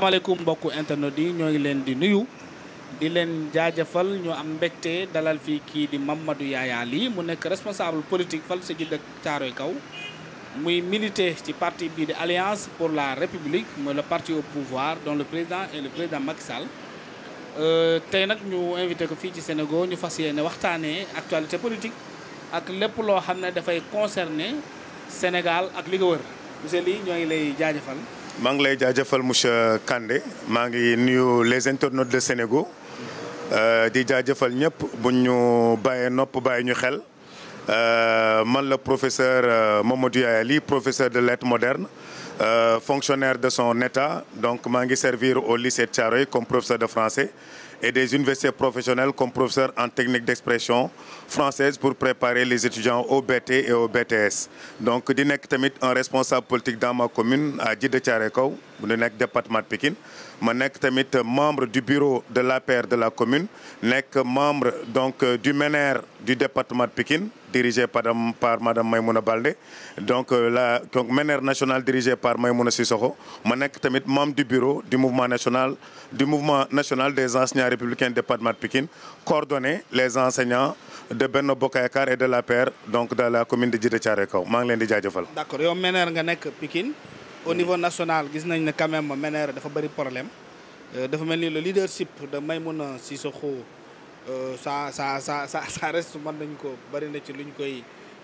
asalaamaaleykum mbokku internet yi ñoo ngi leen di nuyu di leen jaajëfal ñu am mbégte dalal fii kii di Mamadou Yaya Ly mu nekk responsable politique fal sa ji dëkk Caaroy Kaw muy milité ci parti bii di Alliance pour la République mooy le parti au pouvoir dont le président est le président Macky euh, tey nag ñu invité ko fii ci Sénégal ñu fas yéene waxtaanee actualité politique ak lépp loo xam ne dafay concerner Sénégal ak li ko wër monsieur Ly ñoo ngi lay jaajëfal maa ngi lay jaajëfal monsieur Kandé maa ngi nuyu les internautes de Sénégal euh, di jaajëfal ñëpp buñ ñu bàyyee nopp bàyyi ñu xel. Euh, man la professeur euh, Mamadou Yaya Ly professeur de lettres modernes euh, fonctionnaire de son état donc maa ngi servir au lycée Thiaroye comme professeur de français et des universités professionnelles comme professeur en technique d'expression française pour préparer les étudiants au BT et au BTS. donc di nekk tamit un responsable politique dans ma commune à Djiddah Thiaroye Kao di département de Pikine ma nekk tamit membre du bureau de l'APR de la commune nekk membre donc du MENER du département de dirigé par, par Madame Maïmouna Baldé donc euh, la donc MENER national dirigé par Maïmouna Sissoko ma nekk tamit membre du bureau du mouvement national du mouvement national des enseignants républicains département de Pikine coordonné les enseignants de Benno Bokk Yakaar et de l'APR donc dans la commune de Djiddah Thiaroye Kaw maa ngi leen di jaajëfal. d'accord yow MENER nga nekk Pikine au niveau national gis nañ ne quand même dafa bëri problème euh, dafa mel ni Euh, ça ça ça ça ça reste mën nañ ko bari na ci lu ñu koy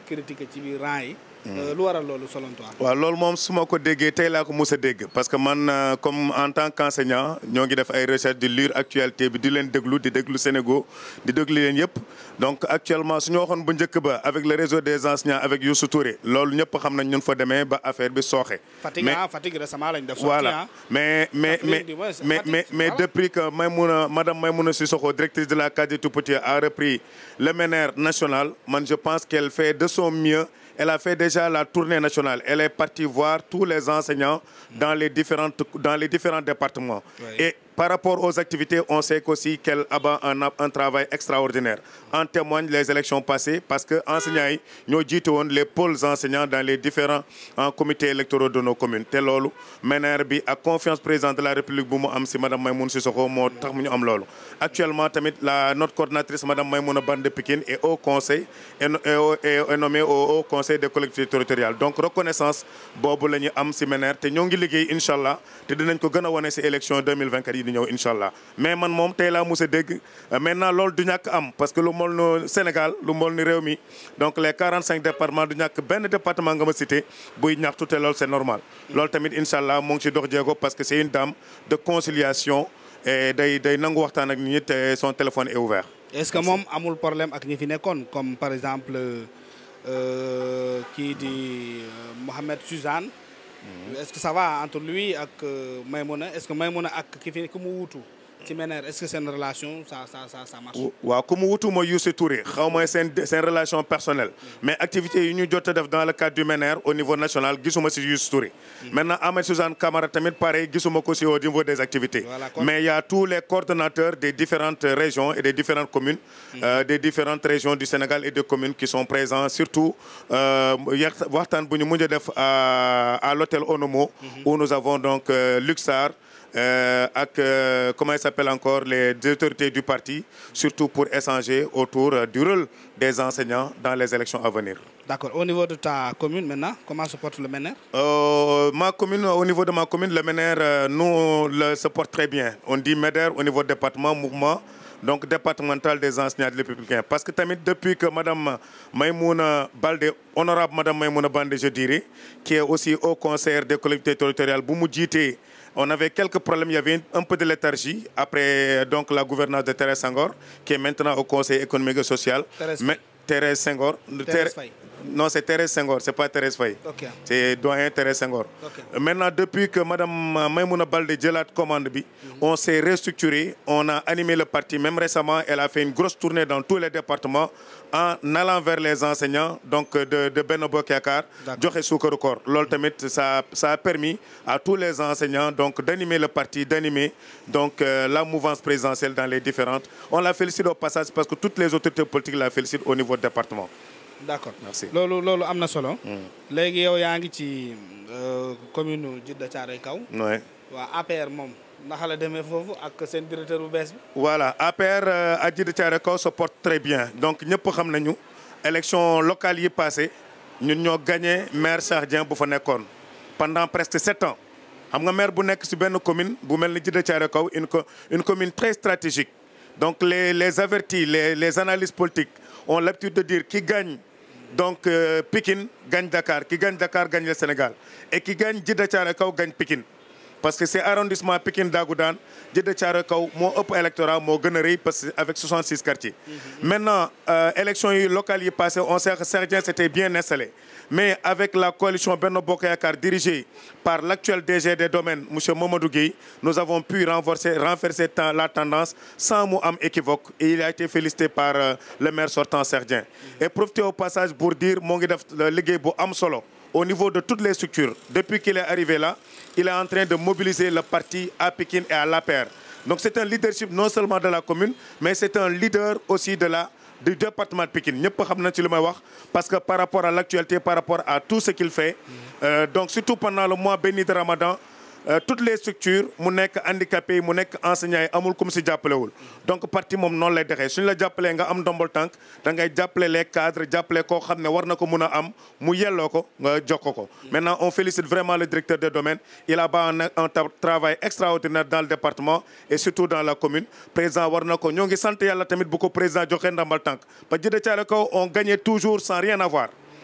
critiquer ci biir rang yi Euh, lu waral loolu selon toi. waaw moom suma ko déggee tey laa ko mos a dégg parce que man euh, comme en tant qu'enseignant ñoo ngi def ay recherche di lire actualité bi di leen déglu di déglu Sénégal di déglu leen yëpp. donc actuellement su ñu waxoon bu njëkk ba avec le réseau des enseignants avec Youssou Touré loolu ñëpp xam nañ ñun fa demee ba affaire bi sooxe. mais ah, Fatick récemment lañ def. voilà ah. mais mais mais mais mais ah. depuis que Maymouna madame Maymouna Sissoko directrice de la Case des Tout-Petits a repris le MENR national man je pense qu'elle fait de son mieux. Elle a fait déjà la tournée nationale. Elle est partie voir tous les enseignants dans les différentes dans les différents départements. Oui. Et Par rapport aux activités, on sait qu'aussi qu'elle abat un, un travail extraordinaire. En témoignent les élections passées parce que enseignants yi ñoo jiite woon les pôles enseignants dans les différents en comités électoraux de nos communes te loolu mener bi ak confiance président de la République bu mu am si madame Maymouna Sissoko si tax mu ñu am loolu. Actuellement tamit la notre coordonnatrice madame Maymouna Bande Pikine est au conseil et est nommée conseil des collectivités territoriales donc reconnaissance ngi liggéey incha allah te dinañ ko gën a wane si di ñëw incha allah mais man moom tey laa mos a dégg euh, maintenant loolu du ñàkk am parce que lu mol no Sénégal lu mol ni réew mi donc les cinq départements du ñàkk benn département nga ma cité buy ñaxtu te loolu c'est normal. loolu tamit incha allah mu ngi ci dox jéego parce que c'est une dame de conciliation et day day nangu waxtaan ak nit ñi son téléphone est ouvert. est-ce que moom amul problème ak ñi fi nekkoon comme par exemple euh, euh, kii di Mohamed Suzanne. est-ce que ça va entre lui ak euh, Maymuna est-ce que Maymuna ak ki fi ku mu wuutu ci mener est-ce que seen relation ça ça ça ça marche. waaw xaw ma seen seen relation personnelle. Mm. mais activités yi ñu jot def dans le cadre du MENER au niveau national gisuma si Youssou Touré. Mm. maintenant Ahmed Suzanne Camara tamit pareil gisuma ko si au niveau des activités. mais il y a tous les coordonnateurs des différentes régions et des différentes communes. Mm. Euh, des différentes régions du Sénégal et des communes qui sont présents surtout euh, waxtaan bu ñu mujj a def à l'hôtel Onomo. Mm-hmm. où nous avons donc euh, Luxar. Euh, ak euh, comment il s'appelle encore les autorités du parti surtout pour échanger autour euh, du rôle des enseignants dans les élections à venir. D'accord. Au niveau de ta commune maintenant, comment se porte le MNR euh, Ma commune, au de ma commune, le MNR nous le, se porte très bien. On dit MEDER au niveau département, mouvement, donc départemental des enseignants de républicains. Parce que tamit depuis que Madame Maïmouna Balde, honorable Madame Maïmouna Balde, je dirais, qui est aussi au conseil des collectivités territoriales, Boumou On avait quelques problèmes, il y avait un peu de léthargie après donc la gouvernance de Thérèse Senghor, qui est maintenant au Conseil économique et social. Thérèse, Mais, Thérèse Senghor. Thérèse, non, c'est Thérèse Senghor, c'est pas Thérèse Faye. Okay. C'est doyen Thérèse Senghor. Maintenant, depuis que Mme euh, Maïmouna Balde Djelat commande, bi mhm. on s'est restructuré, on a animé le parti. Même récemment, elle a fait une grosse tournée dans tous les départements en allant vers les enseignants donc euh, de, de Benobo Kiakar, Djokhé Soukarukor. Ça, ça a permis à tous les enseignants donc d'animer le parti, d'animer donc euh, la mouvance présidentielle dans les différentes. On la félicite au passage parce que toutes les d' accord merci loolu loolu am na solo. Hmm. léegi yow yaa ngi ci euh, commune Djiddah Thiaroye Kaw. oui waa APR moom naka la demee foofu ak seen directeur bu bees bi. voilà APR euh, à Djiddah Thiaroye Kaw se porte très bien donc ñëpp xam nañu élection locale yi passé ñun ñoo gagné maire Cheikh Dieng bu fa nekkoon pendant presque sept ans xam nga maire bu nekk si benn commune bu mel ni Djiddah Thiaroye Kaw une une commune très stratégique donc les les avertis les les analyses politiques. on l'habitude de dire qui gagne donc euh, Pikine gagne Dakar qui gagne Dakar gagne le Sénégal et qui gagne Djiddah Thiaroye Kaw gagne Pikine parce que c'est arrondissement Pikine Dagoudane Djeddah Thiaroye Kaw moo ëpp électorat moo gën a rëy parce que avec 66 quartiers. Mm-hmm. maintenant euh, élection yi locales yi passé on sait que certains c'était bien installé mais avec la coalition Benno Bokk Yaakaar dirigée par l'actuel DG des domaines monsieur Mamadou Guèye nous avons pu renforcer renverser la tendance sans mu am équivoque et il a été félicité par euh, le maire sortant Cheikh Dieng mm-hmm. et profiter au passage pour dire moo ngi def euh, liggéey bu am solo au niveau de toutes les structures depuis qu'il est arrivé il est en train de mobiliser le parti à Pékin et à la paire. Donc c'est un leadership non seulement de la commune, mais c'est un leader aussi de la du département de Pékin ñëpp xam nañ ci li may wax parce que par rapport à par rapport à tout ce qu'il fait euh, donc surtout le mois béni de Ramadan Euh, toutes les structures mu nekk handicapé yi mu nekk enseignants yi amul kum si jàppalewul donc parti moom noonu lay dexee suñ la jàppalee nga am ndombol tànk da ngay jàppale les cadres jàppale koo xam ne war na ko mun a am mu yelloo ko nga jox ko ko maintenant on félicite vraiment le directeur des domaines il a ba un travail extraordinaire dans le département et surtout dans la commune président war na ko ñoo ngi sant yàlla tamit bu ko président joxee ndombol tànk ba jëdë caale kaw on gagnait toujours sans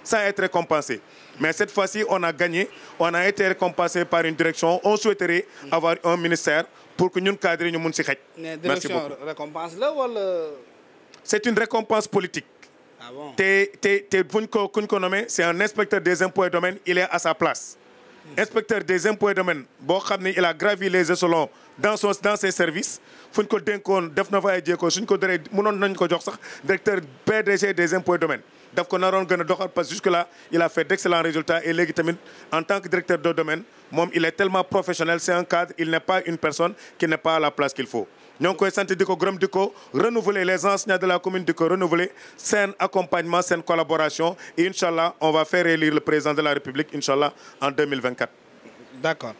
sans être récompensé. Mais cette fois-ci, on a gagné, on a été récompensé par une direction. On souhaiterait avoir un ministère pour que nous cadrions nous Merci direction beaucoup. récompense là ou le... C'est une récompense politique. Ah bon? C'est un inspecteur des impôts et domaines, il est à sa place. Hmm. inspecteur des impôts de domaines boo xam ne il a gravi les échelons dans son dans ses services fu ñu ko dénkoon def na fa ay jéego suñ ko dëree mënoon nañ ko jox sax directeur PDG des impôts et domaines daf ko naroon gën a doxal parce que jusque là il a fait d' excellents résultats et léegi en tant que directeur de domaine moom il est tellement professionnel c' un cadre il n' pas une personne qui n' est pas à la place qu'il faut ñoo ngi koy sant di ko gërëm di ko renouveler les enseignants de la commune di ko renouveler seen accompagnement seen collaboration et incha allah on va faire élire le président de la république incha allah en 2024 d' accord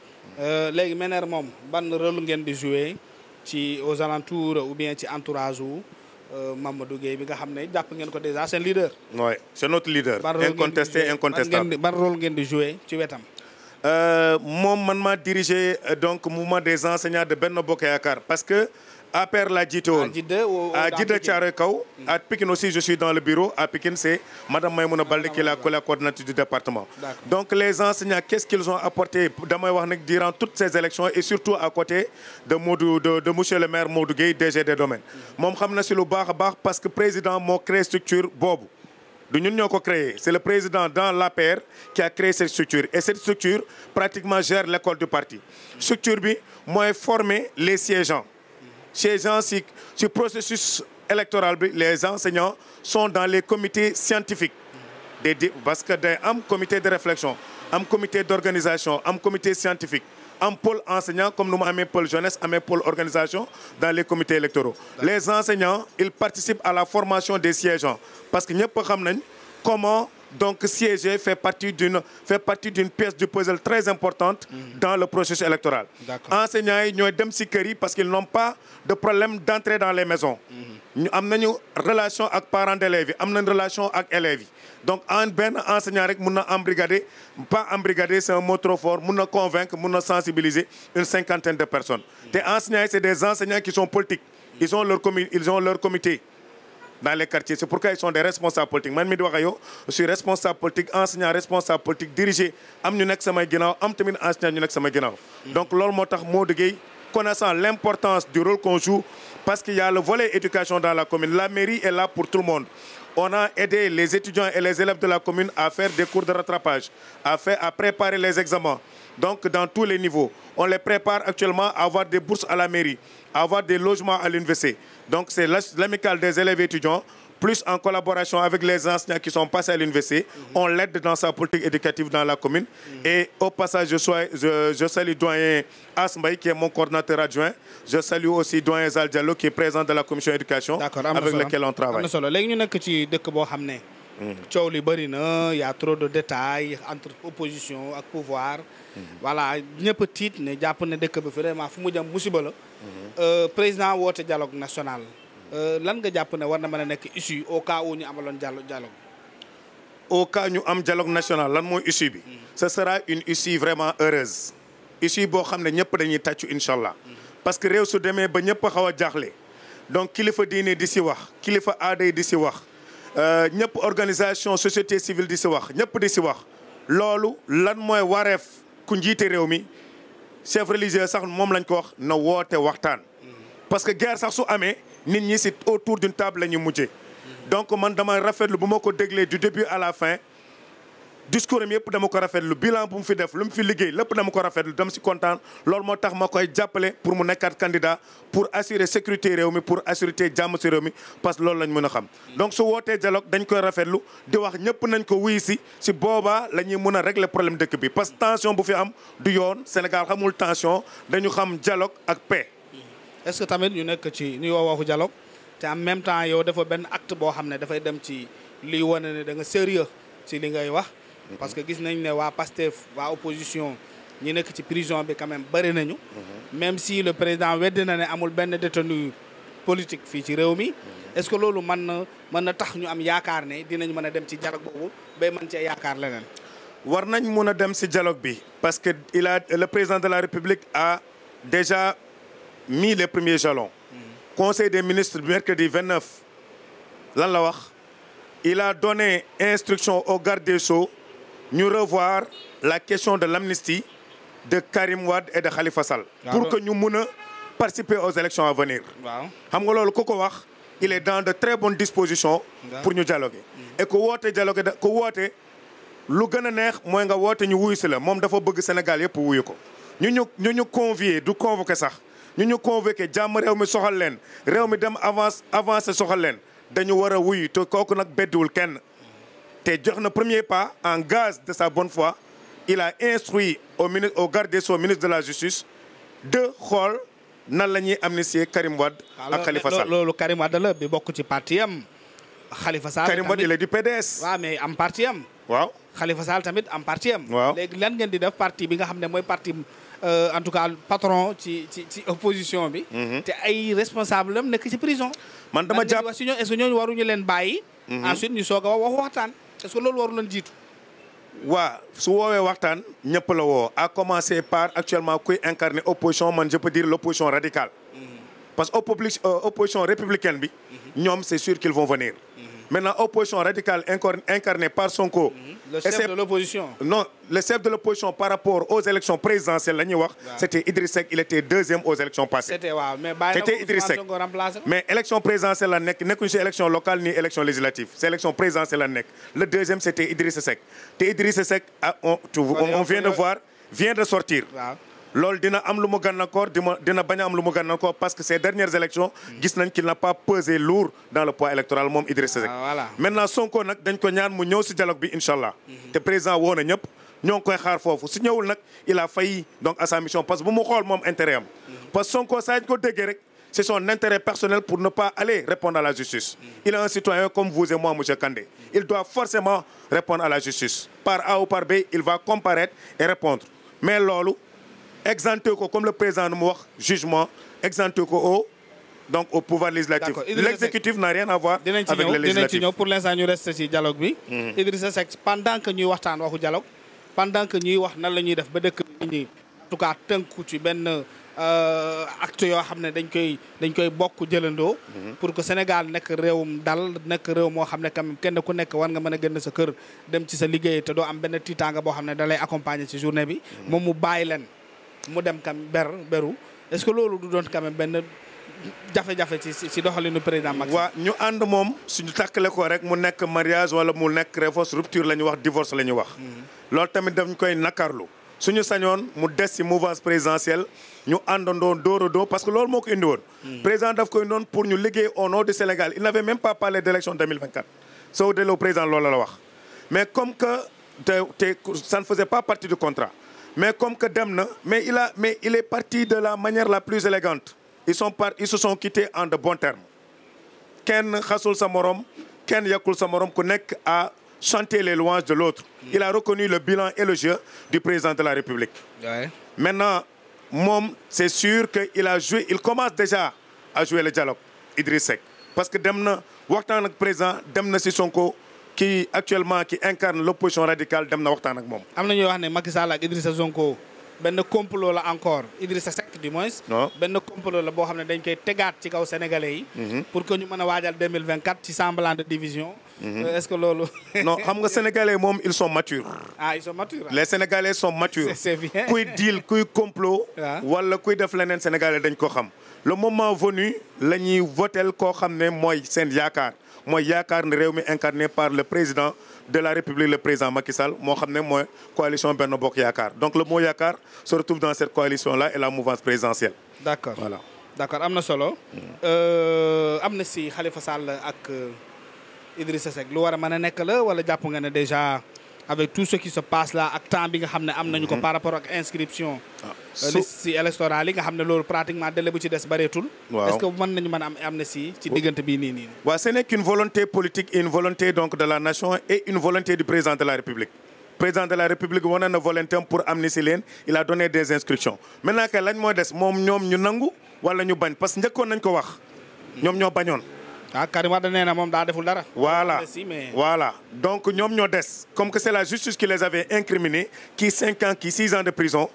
léegi Mener moom ban rôle ngeen di jouer ci aux alentours ou bien ci entourage wu Euh, Mamadou Gueye bi nga xam ne jàpp ngeen ko des seen leader. oui c'est notre leader. incontesté incontestable ban rôle ngeen di jouer ci wetam. Euh, moom man ma diriger euh, donc mouvement des enseignants de Benno Bokk Yaakaar parce que. APR laa jiite a jit Djidda Thiaroye Kaw mm. a Pikine aussi je suis dans le bureau à Pikine c'est madame Maïmouna Baldé qui est la coordinatrice du département donc les enseignants qu'est-ce qu'ils ont apporté damay wax nag durant toutes ces élections et surtout à côté de monsieur le maire Modou Gueye DG des domaines moom xam na si lu a baax parce que président moo créé structure boobu du ñun ñoo ko créé c'est le président dans l'APR qui a créé cette structure et cette structure pratiquement gère l'école du parti structure bi mooy former les siégeants chez gens si si processus électoral bi les enseignants sont dans les comités scientifiques des di parce que day am comité de réflexion am comité d'organisation am comité scientifique am pôle enseignant comme nu mu amee pôle jeunesse amee pôle organisation dans les comités électoraux les enseignants ils participent à la formation des siégeants parce que ñëpp xam nañ comment donc siéger fait partie d'une fait partie d'une pièce du puzzle très importante mhm. dans le processus électoral enseignants yi ñooy dem ci kër yi parce qu'ils n'ont pas de problème d'entrer dans les maisons mhm. ñu am nañu relation ak parents d'élèves yi am nañ relation ak élèves yi donc en benn enseignant rek mun na embrigader pas embrigader c'est un mot trop fort mun na convaincre mun na sensibiliser une cinquantaine de personnes mhm. te enseignants yi c'est des enseignants qui sont politiques ils ont leur comi dans les quartiers c'est pourquoi ils sont des responsables politiques man mi di wax ak suis responsable politique enseignant responsable politique dirigé am ñu nekk samay am tamit enseignant ñu nekk samay ginnaaw donc loolu moo tax Modou Gueye connaissant l'importance du rôle qu'on joue parce qu'il y a le volet éducation dans la commune la mairie est là pour tout le monde on a aidé les étudiants et les élèves de la commune à faire des cours de rattrapage à faire les examens donc dans tous à avoir des bourses à la mairie avoir des logements à l'UNVC. Donc c'est l'amicale des élèves étudiants, plus en collaboration avec les enseignants qui sont passés à l'UNVC. Mm -hmm. On l'aide dans sa politique éducative dans la commune. Mm -hmm. Et au passage, je, sois, je, je salue doyen Asmaï, qui est mon coordinateur adjoint. Je salue aussi doyen Zal Diallo, qui est président de la commission éducation, avec lequel on travaille. bëri mhm. na y de détails entre opposition ak pouvoir voilà ñëpp tiit ne jàpp ne dëkk ba vraiment fu mu jëm musiba la. Euh, président woote dialogue national. Euh, lan nga jàpp ne war na mën a nekk issue au cas où ñu amaloon dialogue. au cas ñu am dialogue national lan mooy issue bi. Mm-hmm. ce sera une issue vraiment heureuse. issue boo xam ne ñëpp dañuy tàccu incha allah. Mm-hmm. parce que réew su demee ba ñëpp xaw a jaaxle. donc kilifa diine di si wax kilifa aada yi di si wax euh, ñëpp organisation société civile di si wax ñëpp di si wax loolu lan mooy wareef. ku njiite réew mi chef religieux sax moom lañ ko wax na woote waxtaan. parce que guerre sax su amee nit ñi si autour d'une table la ñu mujjee. donc man dama rafetlu bu ma ko déglee du début à la fin. discours am yëpp dama ko rafetlu bilan bu mu fi def lu mu fi liggéey lépp dama ko rafetlu dama si kontaan loolu moo tax ma koy jàppale pour mu nekkaat candidat pour assurer sécurité réew mi pour assurité jàmm si réew mi parce que loolu lañ mën a xam. donc su wootee dialogue dañ koy rafetlu di wax ñëpp nañ ko wuyu si si boobaa la ñuy mën a régler problème dëkk bi parce que tension bu fi am du yoon Sénégal xamul tension dañu xam dialogue ak paix. tamit ñu nekk ci ñu woo waxu dialogue en même temps yow dafa benn acte boo xam ne dafay dem ci liy wane ne da nga sérieux ci li ngay wax. parce que gis nañ ne waa PASTEF waa opposition ñi nekk ci prison bi quand même bëri nañu. Mhm. même si le président weddi na ne amul benn détenu politique fii ci réew mi. Mhm. est-ce que loolu man na mën na tax ñu am yaakaar ne dinañ mën a dem ci dialogue boobu man mën cee yaakaar leneen. war nañ mun a dem ci dialogue bi parce que il a le président de la République a déjà mis les premiers jalons. Mhm. conseil des ministres mercredi 29 lan la wax il a donné instruction au garde des Sceaux ñu revoir la question de l'amnistie de Karim Wade et de Khalifa Sall. Ah pour que ñu mun a participer aux élections à venir. waaw xam nga loolu ku ko wax il est dans de très bonnes dispositions. pour ñu dialoguer. et ku woote dialoguer da ku woote lu gën a neex mooy nga woote ñu wuyu si la moom dafa bëgg Sénégal yëpp wuyu ko ñu ñu ñu ñu convier du convoquer sax ñu ñu convoquer jàmm réew mi soxal leen réew mi dem avance avancé soxal leen dañu war a wuyu te kooku nag beddiwul kenn. te jox na premier pas en gaz de sa bonne foi il a instruit au ministre garde des Sceaux ministre de la justice de xool nan la ñuy amnistier Karim Wade ak loolu Karim Wade la bi bokk ci parti am Khalifa Sall Karim Wade il est du PDS. waaw mais am parti am. waaw Khalifa Sall tamit am parti am. waaw léegi lan ngeen di def parti bi nga xam ne mooy parti euh, en tout cas patron ci ci ci opposition bi. Mhm. te ay responsable am nekk ci prison. man dama jàpp est-ce que ñooñu leen bàyyi. Mhm. wax waxtaan. est-ce que loolu waru jiitu. waa su woowee waxtaan ñëpp la woo à commencer par actuellement kuy incarner opposition man je peux dire l'opposition radicale. Mm-hmm. parce que euh, opposition républicaine bi. Mm-hmm. ñoom c'est sûr qu'ils vont venir. Mm-hmm. Maintenant, opposition radicale incarnée par Sonko. Mhm. Le chef de l'opposition. Non, le chef de l'opposition par rapport aux élections présidentielles la ñuy wax. c'était Idriss Seck il était deuxième aux élections passées. c'était waaw mais mais élection présidentielle la nekk nekkuñu si élection locale ni élection législative c'est élection présidentielle la nek le deuxième c'était Idriss Seck te Idriss Seck ah on on vient de voir vient de sortir. loolu dina am lu mu gànnaankoor dina dina bañ a am lu mu parce que ces dernières élections gis nañ qu'il n'a pas pesé lourd dans le poids électoral moom Idrissa Seck ah, maintenant Sonko nag dañ ko ñaan mu ñëw si dialogue bi incha mhm. te président woo na ñëpp koy xaar foofu si ñëwul nag il a failli donc à sa mission parce que bu mu xool moom intérêt am mhm. parce que Sonko saa ñu ko déggee rek c'est son intérêt personnel pour ne pas aller répondre à la justice mhm. il est un citoyen comme vous et moi monsieur Kandé il doit forcément répondre à la justice ou par B il va comparaître mais loolu exempté ko comme le président nu wax jugement exempté ko o donc au pouvoir législatif l'exécutif n'a rien à voir avec le législatif dinañ ci ñëw pour l'instant ñu reste ci dialogue bi mhm. pendant que ñuy waxtaan waxu dialogue pendant que ñuy wax nan la ñuy def ba dëkk bi ñi tout cas tënku ci benn euh, acte yoo xam ne dañ koy dañ koy bokk jëlandoo mhm. pour que Sénégal nekk réewum dal nekk réew xam ne quand kenn ku nekk war nga mën a génn sa kër dem ci sa liggéey te doo am benn tiitaanga boo xam ne da lay ci journée bi mhm. moom mu bàyyi leen mu dem kam ber beru est-ce que loolu du doon quand même benn jafe-jafe ci ci doxalinu président Macky waa ñu ànd moom suñu tàkkale ko rek mu nekk mariage wala mu nekk réforce rupture la ñuy wax divorce la ñuy wax mhm. loolu tamit dañ koy su ñu sañoon mu des ci mouvance présidentielle ñu àndandoo dóoradoo parce que lool moo ko indi woon mhm. président daf koy noonu pour ñu liggéey au nom du Sénégal il n'avait même pas parlé d'élection 2024 soo delloo président mais comme que te te ça ne faisait pas contrat mais comme que dem na mais il a mais est parti de la manière la plus élégante ils sont par ils se sont quittés en de bons termes kenn xasul sa morom kenn yàqul sa morom ku nekk a chanté les louanges de l'autre mm. il a reconnu le bilan élogieux du président de la République maintenant moom c'est sûr que il a joué il commence déjà à jouer le dialogue Idriss Seck parce que dem na waxtaan ak président dem na si Sonko qui actuellement qui incarne l'opposition radicale dem na waxtaan ak moom. am na ñuy wax ne Macky Sall a Idrissa Sonko benn complot la encore Idrissa Seck du moins. benn complot la boo xam ne dañ koy tegaat ci kaw sénégalais yi. Mm-hmm. pour que ñu mën a waajal 2024 ci semblant de division. Mm-hmm. Euh, est-ce que loolu. no xam nga sénégalais moom ils sont matures. ah ils sont matures les sénégalais sont matures. c'est kuy deal kuy complot. Ah. wala kuy def leneen sénégalais dañ ko xam. le moment venu la ñuy votel koo xam ne mooy seen yaakaar. mooy yaakaar ne réew mi incarné par le président de la République le président Macky Sall moo xam ne mooy coalition Benno bok Yaakaar donc le mot yaakaar se retrouve dans cette coalition là et la mouvance présidentielle. d'accord voilà d'accord am na solo. Euh, am na si xalifa Sall ak euh, Idrissa Seck lu war a mën a nekk la wala jàpp nga ne déjà. avec tout ce qui se passe là ak temps nga xam ne am nañu ko mhm. par rapport ak inscription ah, euh, liste électorale yi nga xam ne loolu pratiquement délai bu ci des bareetul waaw est que mën nañu mën a am amnistie ci diggante bi nii nii waaw ce n'est qu'une volonté politique une volonté donc de la nation et une volonté du président de la République président de la République wane na volonté pour amnistie leen il a donné des instructions maintenant que lañ moo des moom ñoom ñu nangu wala ñu bañ parce que njëkkoon nañ ko wax ñoom ñoo bañoon ah Karim Wade nee na moom daa deful dara. voilà voilà donc ñoom ñoo des comme que c'est la justice qui les avait incriminés kii cinq ans kii six ans de prison.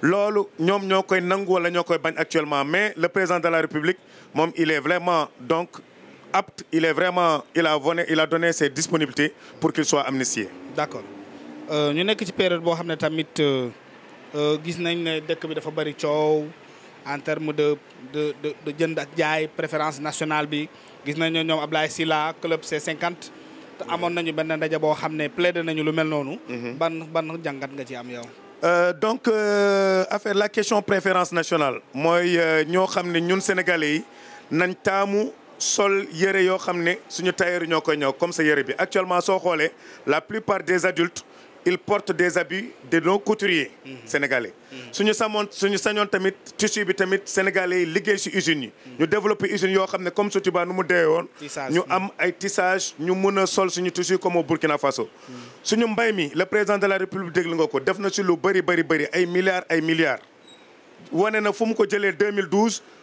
loolu ñoom ñoo koy nangu wala ñoo koy bañ actuellement mais le président de la République moom il est vraiment donc apte il est vraiment il a donné il a donné ses disponibilités pour qu'il soit amnistié. d'accord euh, ñu nekk ci période boo xam ne tamit euh, euh, gis nañ ne dëkk bi dafa bari coow. en terme de de de de jënd ak jaay préférence nationale bi gis nañu ñoom Ablaye Sylla club C50. te amoon nañu benn ndaje boo xam ne plaidé nañu lu mel noonu. Mhm. ban ban jàngat nga ci am yow. Euh, donc euh, affaire la question préférence nationale. mooy euh, ñoo xam ne ñun sénégalais yi nañ taamu sol yére yoo xam ne suñu tailleur ñoo koy ñëw comme sa yëre bi actuellement soo xoolee la plupart des adultes. ils portent des habits de nos couturiers mhm. sénégalais mhm. suñu samoon suñu sañoon tamit tissu bi tamit sénégalais yi liggéey si usines yi mhm. ñu développé usines yoo xam ne comme Sotiba nu mu dee ñu am ay tissage ñu mun a sol suñu tissu comme au Burkina Faso suñu mbay mi le président de la République déglu ko def na si lu bëri bëri bëri ay milliards ay milliards wane na fu mu ko jëlee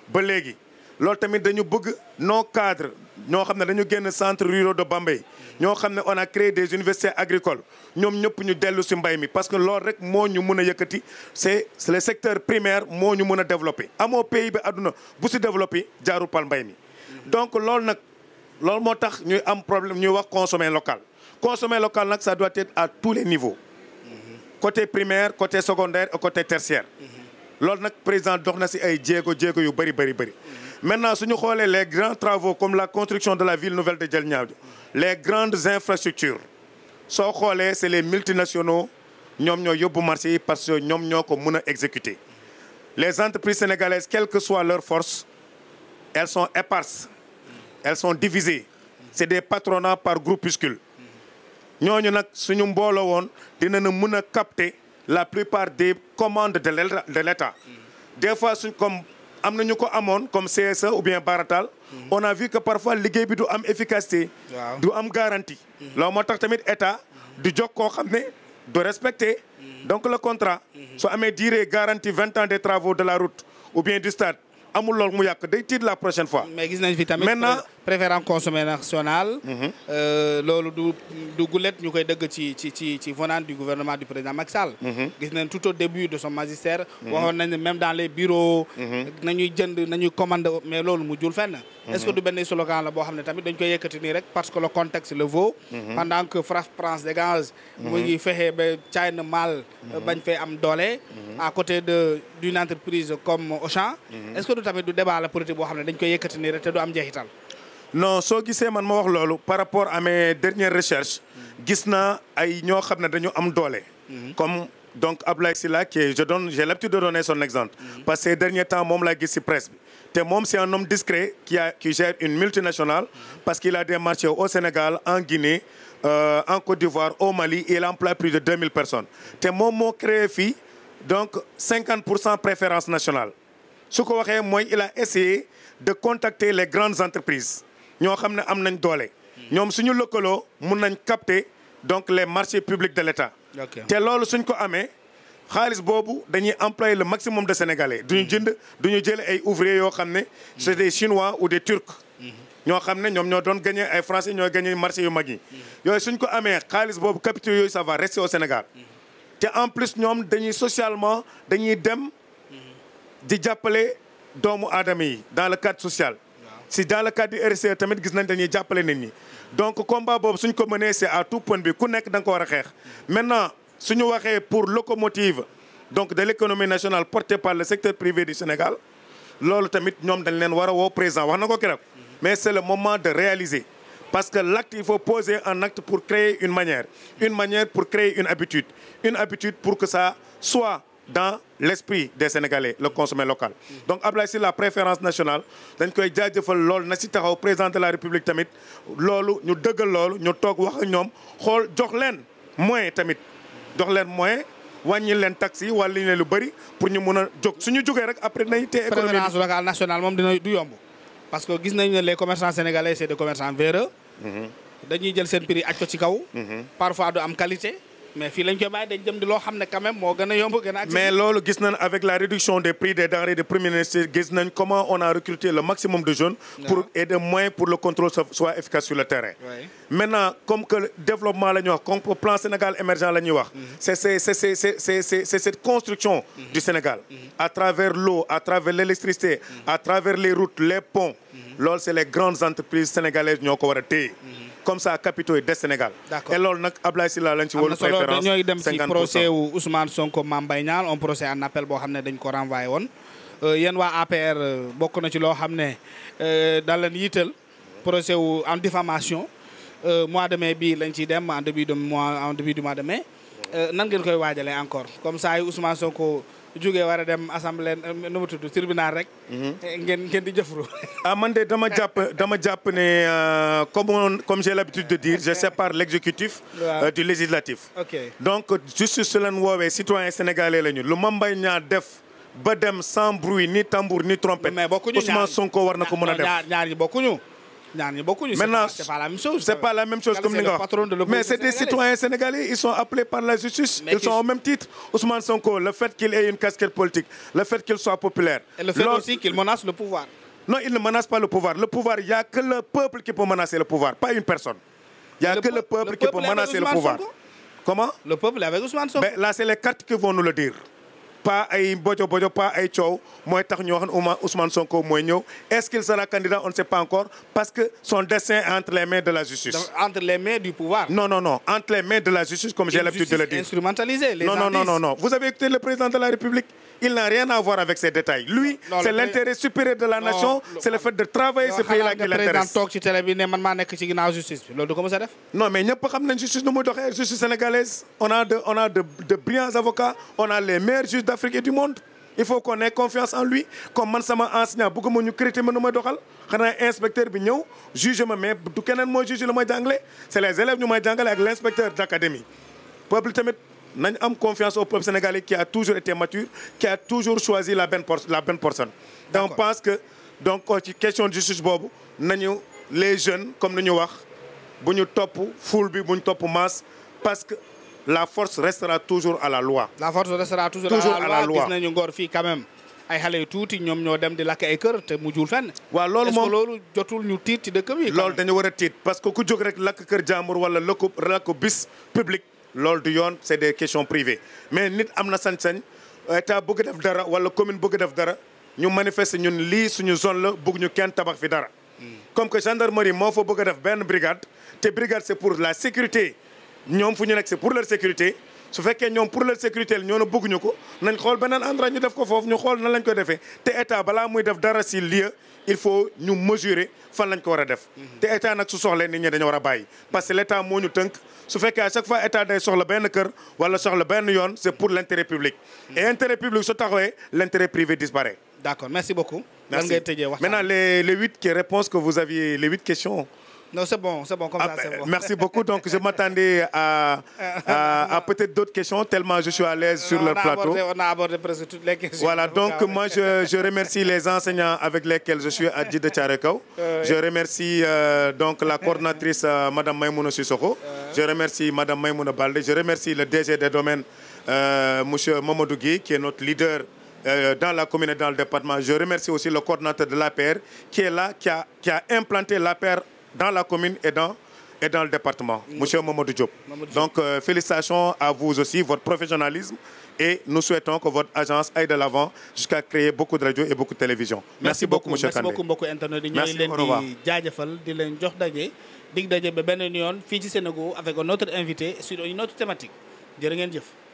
ba léegi loolu tamit dañu bëgg non cadre ñoo xam ne dañu génn centre ruraux de Bambey ñoo xam ne on a créé des universités agricoles ñoom ñëpp ñu dellu si mbay mi parce que loolu rek moo ñu mën a yëkkati c'est le secteur primaire moo ñu mën a développé amoo pays bi àdduna bu si développé jaaru pal mbay mi donc loolu nag loolu moo tax ñuy am problème ñuy wax consommer local consomé local nag ça doit être à tous les niveaux côté primaire côté secondaire et côté tertiaire loolu nag président dox na si ay jéego jéego yu bëri bëri bëri maintenant su ñu xoolee les grands travaux comme la construction de la ville nouvelle de Diamniadio les grandes infrastructures soo xoolee c'est les multinationaux ñoom ñoo yóbbu marché yi parce que ñoom ñoo ko mën a exécuter les entreprises sénégalaises quelle que soit leur force elles sont éparses elles sont divisées c'est des patronats par groupuscule ñooñu nag suñu mbooloo woon dina na mën a capter la plupart des commandes de l'État des fois suñ am na ñu ko amoon comme CSA ou bien Baratal. Mhm. on a vu que parfois liggéey bi du am efficacité. du am garantie. Mhm. loolu moo tax tamit état mhm. du jox koo xam ne du respecter. donc le contrat. su amee durée garantie vingt ans des travaux de la route ou bien du stade amul loolu mu yàq day tiit la prochaine fois. mais gis nañ fi tamit maintenant. préférant consommer national. Mhm. Euh, loolu du du gulet ñu koy degg ci ci ci ci venant du gouvernement du président Macky Sall. Mhm. gis nañ tout au début de son magistère. Mhm. waxoon nañ même dans les bureaux. nañuy jënd nañuy commander mais loolu mu jul fenn. est-ce que du benn slogan la boo xam ne tamit dañ koy yëkkati nii rek parce que le contexte le vaut. pendant que France dégage. mu ngi fexe ba Chine mal. bañ fee am doole. à côté de d'une entreprise comme Auchan. est-ce que du tamit du débat xam ne dañ koy yëkkati rek du am njeexital. non soo gisee man ma wax loolu par rapport à mes dernières recherches gis naa ay ñoo xam ne dañoo am doole. comme donc Ablaye Sylla qui je donne j'ai l'habitude de donner son exemple. parce que ces derniers temps moom laa gis ci presse te moom c'est un homme discret qui a qui gère une multinationale. parce qu'il a des marchés au Sénégal en Guinée euh, en Côte d'Ivoire au Mali il emploie plus de 2000 personnes. te moom moo créé fii donc 50 pour cent préférence nationale su ko waxee mooy il a essayé de contacter les grandes entreprises. ñoo xam ne am nañ doole. ñoom suñu lëkkaloo mun nañ capter donc les marchés publics de l'État. te loolu suñ ko amee xaalis boobu dañuy employer le maximum de sénégalais duñu mm-hmm. jënd duñu jël ay ouvriers yoo xam ne c'est mm-hmm. des chinois ou des turcs. Mm-hmm. ñoo xam ne ñoom ñoo doon gagné ay français ñoo gagné marché yu mag yi. yooyu suñ ko amee xaalis boobu capitaux yooyu ça va rester au Sénégal. te en plus ñoom dañuy socialement dañuy dem. di jàppale doomu aadama yi dans le cadre social. si dans le cadre du tamit gis nañ dañuy jàppale nit ñi donc combat boobu suñ ko mënee c'est à tout point bi ku nekk da nga ko war a xeex maintenant suñu waxee pour locomotive donc de l'économie nationale portée par le secteur privé du Sénégal loolu tamit ñoom dañ leen war a woo présent wax na ko keroog mais c'est le moment de réaliser parce que l'acte il faut poser un acte pour créer une manière une manière pour créer une habitude une habitude pour que ça soit dans l'esprit des Sénégalais le consommer local donc Ablaye la préférence nationale dañ koy jaajëfal lool na si taxaw président de la République tamit loolu ñu dëggal loolu ñu toog wax ñoom xool jox leen moyen tamit jox leen moyen wàññi leen taxes yi wàllu leen lu bëri pour ñu mun a jóg suñu jógee rek après nañ tee économie préférence locale nationale moom dina du yomb parce que gis nañ lee les commerçants sénégalais c'est des commerçants mhm. dañuy jël seen prix aj ci kaw mhm. parfois du am qualité mais fii lañ koy bàyyi dañ jëm xam ne quand même moo gën a yomb gën a. mais loolu gis nañ avec la réduction des prix des denrées de premier ministre gis nañ comment on a recruté le maximum de jeunes. et de moyens pour le contrôle soit efficace sur le terrain. maintenant comme que développement la ñuy wax comme plan Sénégal émergent la ñuy wax. Mm-hmm. c'est cette construction. Mm-hmm. du Sénégal. Mm-hmm. à travers l'eau à travers l'électricité à travers les routes les ponts. loolu c'est les grandes entreprises sénégalaises ñoo ko war a téye. comme ça capitaux yi des Sénégal. d'accord et loolu nag Ablaye Sylla lañ ci wóolu. procès wu Ousmane Sonko Mame Mbaye procès en appel boo xam ne dañ ko renvoyé woon. Euh, yéen waa APR euh, bokk na ci loo xam ne euh, daal leen yiital procès wu en diffamation mois de mai bi lañ ciy dem en début de mois en début du mois de mai. nan ngeen koy waajalee encore comme ça ay Sonko. jógee war a dem assemblée euh, nu mu tudd tribunal rek. Mhm. Eh, ngeen ngeen di jëfru. ah man de dama jàpp dama jàpp ne euh, comme comme j'ai l'habitude de dire je sépare l'exécutif euh, du législatif. donc juste su leen woowee citoyen sénégalais lañu lu ma mbay ñaa def. ba dem sans bruit ni tambour ni trompette. mais bokkuñu ñaar Ousmane Sonko war na ko mën a def ñaar ñaar yi bokkuñu. Maintenant, c'est C'est pas la même chose comme nous. Mais c'est des citoyens sénégalais, ils sont appelés par la justice. ils sont au même titre. Ousmane Sonko, le fait qu'il ait une casquette politique, le fait qu'il soit populaire. Et menace le pouvoir. Non, il ne menace pas le pouvoir. Le pouvoir, il n'y a que le peuple qui peut menacer le pouvoir, pas une personne. Il n'y a que le peuple, qui peut menacer le pouvoir. Comment Le peuple avec Ousmane Sonko. Ben, pas ay bojo bojo pas ay coow mooy tax ñu wax ne Ousmane Sonko mooy ñëw est-ce qu'il sera candidat on ne sait pas encore parce que son destin entre les mains du pouvoir. non entre les mains de la justice comme j'ai l'habitude de le dire. instrumentalisée vous avez écouté le président de la République il n'a rien à voir avec ces détails lui c'est l'intérêt supérieur de la nation c'est le fait de travailler ce pays là qui l'intéresse sénégalaise on a de on a on a les Afrique et du monde il faut qu'on ait confiance en lui comme man sama enseignant bëgguma ñu critiquer ma nu may doxal xanaa inspecteur bi ñëw juge ma mais du keneen mooy juge la may jàngale c'est les élèves ñu may jàngale ak l'inspecteur d'académie peuple tamit nañ am confiance au peuple sénégalais qui a toujours été mature qui a toujours choisi la bonne la bonne personne donc on pense que donc ci question de justice boobu nañu les jeunes comme ni ñu wax bu ñu topp foule bi bu ñu topp masse parce que la force restera toujours à la loi. la force restera toujours, toujours à la loi gis nañu ngor fii quand même. ay xale tuuti ñoom ñoo dem di lakk ay kër te mujjul fenn. waa loolu moom loolu jotul ñu tiit ci dëkk bi. loolu dañu war a tiit parce que ku jóg rek lakk kër jàmbur wala lëkku lakk bis public. loolu du yoon c'est des questions privées mais nit am na sañ-sañ état def dara wala commune bëgg def dara ñu manifester ñun lii suñu zone la bëgg ñu kenn tabax fi dara. Hmm. comme que gendarmerie moo fa bëgg a def benn brigade te brigade c'est pour la sécurité. ñoom fu ñu nekk c'est pour leur sécurité su fekkee ñoom pour leur sécurité ñoo na bëgguñu ko nañ xool beneen endroit ñu def ko foofu ñu xool na lañ ko defee te état balaa muy def dara si lieu il faut ñu mesurer fan lañ ko war a def. Mhm. te état nag su soxlee nit ñu dañu war a bàyyi. parce que l' état moo ñu tënk su fekkee à chaque fois état day soxla benn kër wala soxla benn yoon c' pour l' intérêt public. Mhm. et intérêt public su taxawee l' intérêt privé disparaît. d' accord merci beaucoup. lan ngay tëjee wax maintenant les les huit réponses que vous aviez les Non, c'est bon, c'est bon, comme ah, ça, Merci beaucoup. Donc, je m'attendais à, peut d'autres questions, tellement je suis à l'aise sur le plateau. on a les questions. Voilà, donc moi, je, remercie les enseignants avec lesquels je suis à de euh, je remercie euh, la coordinatrice, euh, Madame Maïmouna Sissoko. Euh. Je remercie Madame Maïmouna Balde. Je remercie le DG des domaines, Monsieur Mamadou qui est notre leader dans la commune et dans le département. Je remercie aussi le coordinateur de l'APR qui est là, qui a, qui a implanté dans la commune et dans le département. Monsieur Mamadou Diop. Donc euh, félicitations à vous aussi, votre professionnalisme et nous souhaitons que votre agence aille de l'avant jusqu'à créer beaucoup de radios et beaucoup de télévisions. Merci, merci beaucoup monsieur Kandé. Merci beaucoup mbokku internet yi ñoo ngi leen di jaajëfal di leen jox daje dig daje ba beneen yoon fii ci Sénégal avec notre invité sur une autre thématique jërë ngeen jëf.